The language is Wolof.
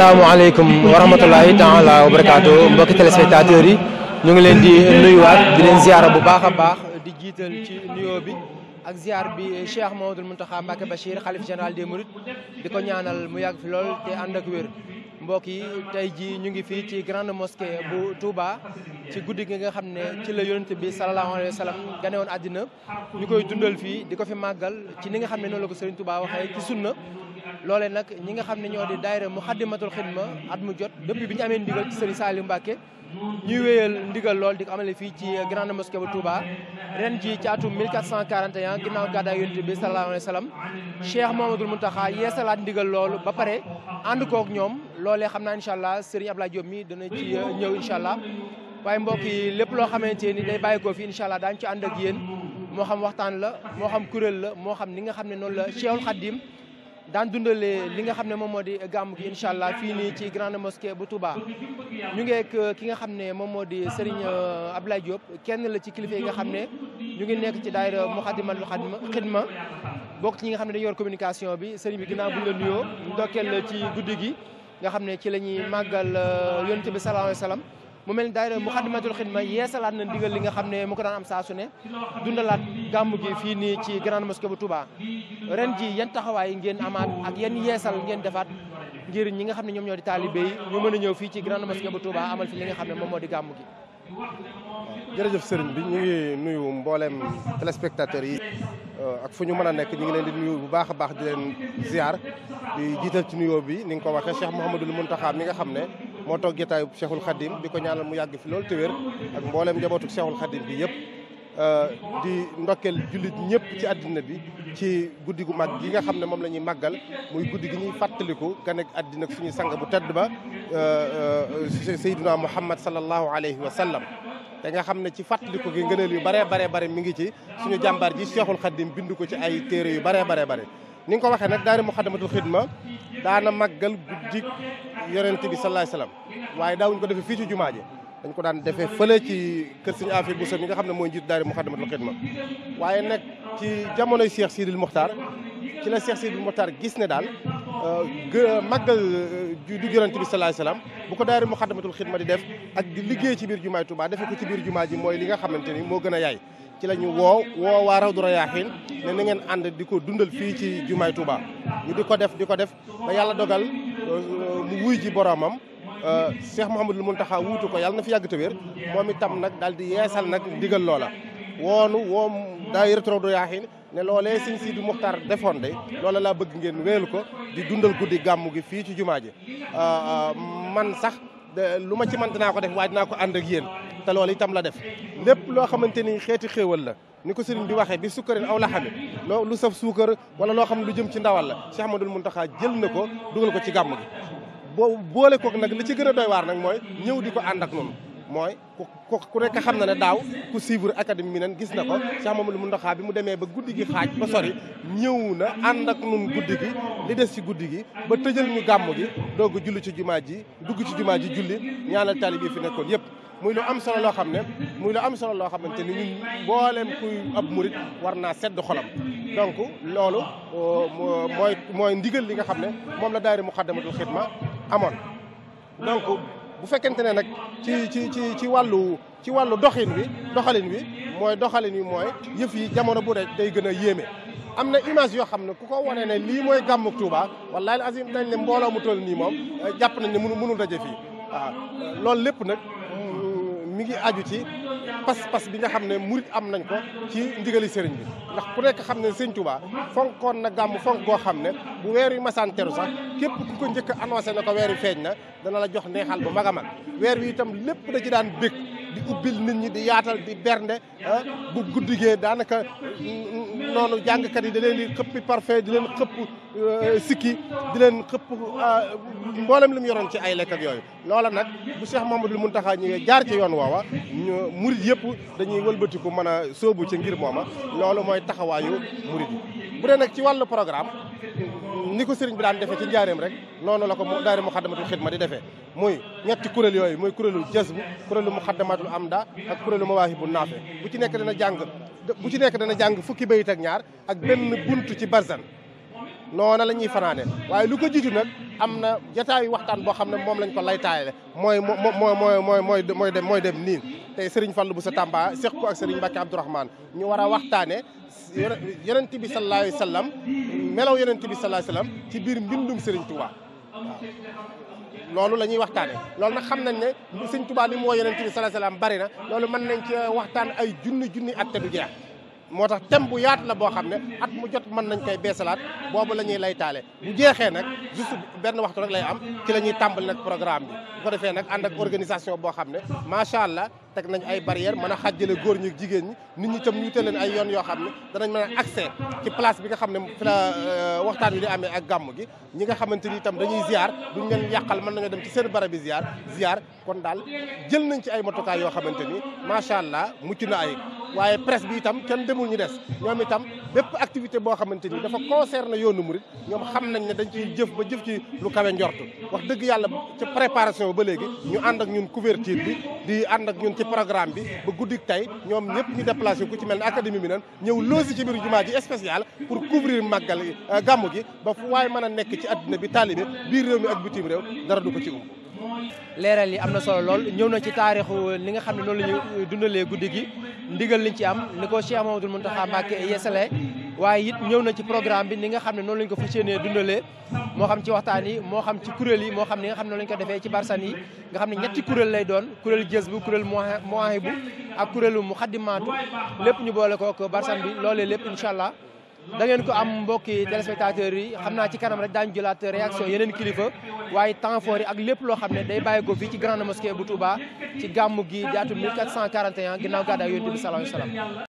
asalaamaaleykum wa rahmatulahi taala wa barakaatu mbokki téléspectateurs yi ñoo ngi leen di nuyuwaat di leen ziara bu baax a baax di jiital ci nuyoo bi ak ziar bi Cheikh Mamadou Mountakha Mbacké Bachir xalif général des Mourides di ko ñaanal mu yàgg fi lool te ànd ak wér mbokk yi tey jii ñu ngi fii ci grande mosquée bu Touba ci guddi ki nga xam ne ci la yonent bi sallallahu alayhi wa sallam àddina ñu koy dundal fii di ko fi màggal ci ni nga xam ne noonu ko Serigne Touba waxee ci loolee nag ñi nga xam ne ñoo di daayira Muxaddamatul Xidma at mu jot depuis bi ñu amee ndigal ci Serigne Saliou Mbacké ñuy wéyal ndigal lool di ko amale fii ci grande mosquée bu Touba ren ji ci atum 1441 ginnaaw gàddaay yonent bi sallallahu alayhi wa sallam mu Mouhamadoul Mountakha yeesalaat ndigal loolu ba pare ànd kook ñoom loole xam naa incha allah Serigne Abdoulaye Diop mi dana ci ñëw incha allah waaye mbokk yi lépp loo xamante ni day bàyyi ko fi incha allah ci ànd ak yéen moo xam waxtaan la moo xam kuréel la moo xam ni nga xam ne noonu la Cheikhul Khadim daan dundale li nga xam ne moom moo di gàmm gi incha allah fii nii ci grande mosquée bu Touba ñu ngi ak ki nga xam ne moom moo di Serigne euh, Abdoulaye Diop kenn la ci kilifa yi nga xam ne ñu ngi nekk ci daayira Moukhaddamatoul Khidma bokk ci ñi nga xam ne dañu yor communication bi Serigne bi ginnaaw bu ñu la nuyoo ndokkeel ci guddi gi nga xam ne ci la ñuy màggal euh, yonent bi sallallahu alayhi wasallam mu mel ni daayira Moukhaddamatoul Khidma yeesalaat na ndigal li nga xam ne mu ko daan am saa su ne dundalaat. gàmm gi fii nii ci grande mosquée bu Touba ren ji yan taxawaay ngeen amaat ak yan yeesal ngeen defaat ngir ñi nga xam ne ñoom ñoo di taalibe yi ñu mën a fii ci grande mosquée bu Touba amal fi li nga xam ne moom moo di gàmm gi. jërëjëf sëriñ bi ñu ngi nuyu mboolem téléspectateurs yi euh, ak fu ñu mën a nekk ñu ngi leen di nuyu bu baax a baax di leen ziar di jiital ci nuyoo bi ni nga ko waxee Cheikh mun Mountakha ñi nga xam ne moo toog jotaayu Cheikhul Khadim di ko ñaanal mu yàgg fi loolu te wér ak mboolem njabootu Cheikhul Khadim bi yëpp. Euh, di ndokkeel jullit ñëpp ci àddina bi ci guddi gu mag gi nga xam ne moom la ñuy màggal muy guddi gi ñuy fàttaliku ka nekk àddina suñu sang bu tedd ba euh, euh, Seydina Muhammad sallallahu alayhi wa sallam te nga xam ne ci fàttaliku gi ngëneel yu baree baree bare mi ngi ci suñu jàmbaar ji Cheikhul Khadim bind ko ci ay téere yu bare baree bare ni ko waxee nag daari Muxaddamatul Xidma daana màggal guddi yonente bi sallallahu alayhi wa sallam waaye ko defee fii ci jumaa ji dañ ko daan defee fële ci kër Serigne Afia Bousso mi nga xam ne mooy njiitu daara Moukhaddamatoul Khidma waaye nag ci jamonoy Cheikh Sidil Mokhtar ci la Cheikh Sidil Mokhtar gis ne daal euh, gë màggal euh, du Yonent bi salaay salaam bu ko daara Moukhaddamatoul Khidma di def ak di liggéey ci biir jumaay Touba defee ko ci biir jumaa ji mooy li nga xamante ni moo gën a yaay ci la ñu woo woo waa Rawdu Rayaahiin ne na ngeen ànd di ko dundal fii ci jumaay Touba ñu di ko def di ko def yàlla dogal euh, mu wuy ji boromam Euh, Cheikh Mouhamadul Mountakha wuutu ko yàlla na fi yàgg te wér moom itam nag daal di yeesal nag ndigal loola woonu woom daay rétro do yaaxin ne loolee sëñ Sidi Muxtaar defoon de loola laa bëgg ngeen wéelu ko di dundal guddi gàmmu gi fii ci jumaa ji euh, euh, man sax lu ma ci man ko def waaye naa ko ànd ak yéen te loolu itam la def lépp loo xamante ni xeeti xéewal la ni ko sëriñ bi waxee bi sukkarin aw la xame loo lu saf suukar wala loo xam lu jëm ci ndawal la Cheikh Ahmadoul Mountakha jël na ko dugal ko ci gàmm boobu boole kook nag li ci gën a waar nag mooy ñëw di ko ànd ak noonu mooy ku ku nekk xam na ne daaw ku suivre académie bi nan gis na ko Cheikh Mamadou Mountakha bi mu demee ba guddi gi xaaj ba sori ñëw na ànd ak nun guddi gi li des ci guddi gi ba tëjal ñu gàmm gi doog a julli ci jumaa ji dugg ci jumaa ji julli ñaanal taalib yi fi nekkoon yëpp muy lu am solo loo xam ne muy lu am solo loo xamante ni ñun mboolem kuy ab murit war naa sedd xolam donc loolu euh, mooy mooy ndigal li nga xam ne moom la daayira Muxaddamatul Xidma amoon donc bu fekkente ne nag ci ci ci ci wàllu ci wàllu doxin wi doxalin wi mooy doxalin wi mooy yëf yi jamono bu rek day gën a yéeme am na image yoo xam ne ku ko wane ne lii mooy gàmmuk Touba wallahi azim dañ ne mbooloo mu toll nii moom jàpp nañ ne mënu mënul daje fii loolu lépp nag mi ngi aju ci pas-pas bi nga xam ne murit am nañ ko ci njigali sëriñ bi ndax ku nekk xam ne sëriñ Tuubaa fonkoon na gàmm fonk goo xam ne bu weer yu masaan teru sax képp ku ko njëkk annoncé na ko weer yu feeñ na dana la jox neexal bu mag a weer wi itam lépp da ci daan bëgg di ubbil nit ñi di yaatal di bernde ah, bu guddigee daanaka mm, noonu jàngkat yi da leen di xëppi parfait di leen xëpp euh, sikki di leen xëpp ah, mboolem li mu yoroon ci ay lekk yooyu loola nag bu seex Cheikh Mamadou Mountakha ñëwee jaar ci yoon woowa ñu murit yëpp dañuy wëlbatiku mën a sóobu ci ngir mooma loolu mooy taxawaayu murit yi bu dee nag ci wàllu programme ni ko sëriñ bi daan defee ci njaareem rek noonu la ko daari muxaddamatul xidma di defee muy ñetti kuréel yooyu muy kuréelu jazb kuréelu muxaddamatul amda ak kuréelu mawaahibu naafe bu ci nekk dana jàng bu ci nekk dana jàng fukki bayit ak ñaar ak benn bunt ci barzan noona la ñuy fanaane waaye lu ko jiitu am na jotaayu waxtaan boo xam ne moom lañ ko lay taayale mooy moo mooy mooy mooy mooy dem mooy dem niin tey Serigne Fallou bu sa Tamba seq ko ak Serigne Mbacke Abdourahmane ñu war a waxtaane yonent bi sallallahu alayhi wasallam melaw yonent bi sallallahu ci biir mbindum Serigne Touba waaw loolu la ñuy waxtaane loolu nag xam nañ ne Serigne Touba li mu woo yonent bi sallallahu alayhi bari na loolu mën nañ ci waxtaan ay junni junni at du jeex moo tax thème bu yaatu la boo xam ne at mu jot mën nañ koy beesalaat boobu la ñuy lay taale bu jeexee nag juste benn waxtu rek lay am ci la ñuy tàmbali nag programme bi bu ko defee nag ànd ak organisation boo xam ne macha allah teg nañ ay barrière man a xàjjale góor ñi jigéen ñi nit ñi tam ñu leen ay yoon yoo xam ne danañ mën a accès ci place bi nga xam ne fi la euh, waxtaan wi di amee ak gàmm gi ñi nga xamante ni itam dañuy ziar duñ leen yàqal mën nañoo dem ci seen barab bi ziar ziar kon daal jël nañ ci ay matukaay yoo xamante ni macha allah mucc na ay waaye presse bi itam kenn demul ñu des ñoom itam bépp activité boo xamante ni dafa concerne yoonu murit ñoom xam nañ ne dañ ciy jëf ba jëf ci lu kawe njortu wax dëgg yàlla ci préparation ba léegi ñu ànd ak ñun couverture bi di ànd ak ñun ci programme bi ba guddik tey ñoom ñëpp ñu déplacé ku ci mel ne académie bi nan ñëw loosi ci biir jumaa ji spécial pour couvrir màggal euh, gàmmu gi ba fu waaye mën a nekk ci àddina bi taalibe biir réew mi ak bitim réew dara du ko ci um leeral yi am na solo lool ñëw na ci taarixu li nga xam ne noonu la ñu dundalee guddi gi ndigal liñ ci am ni ko Cheikh Mamadou Mountakha Mbacké yeesale waaye it ñëw na ci programme bi ni nga xam ne noonu lañ ko fas yéenee dundalee moo xam ci waxtaan yi moo xam ci kuréel yi moo xam ne nga xam ne lañ ko defee ci barsan yi nga xam ne ñetti kuréel lay doon kuréel jës bu kuréel moahi bu ak kuréelu mu xaddimaatu lépp ñu boole ko barsan bi loole lépp incha allah da ngeen ko am mbokki téléspectateurs yi xam naa ci kanam rek daañu jëlaat réaction yeneen kilifa waaye temps fort yi ak lépp loo xam ne day bàyyi ko fii ci grande mosquée bu Touba ci gàmmu gi di atum 1441 ginnaaw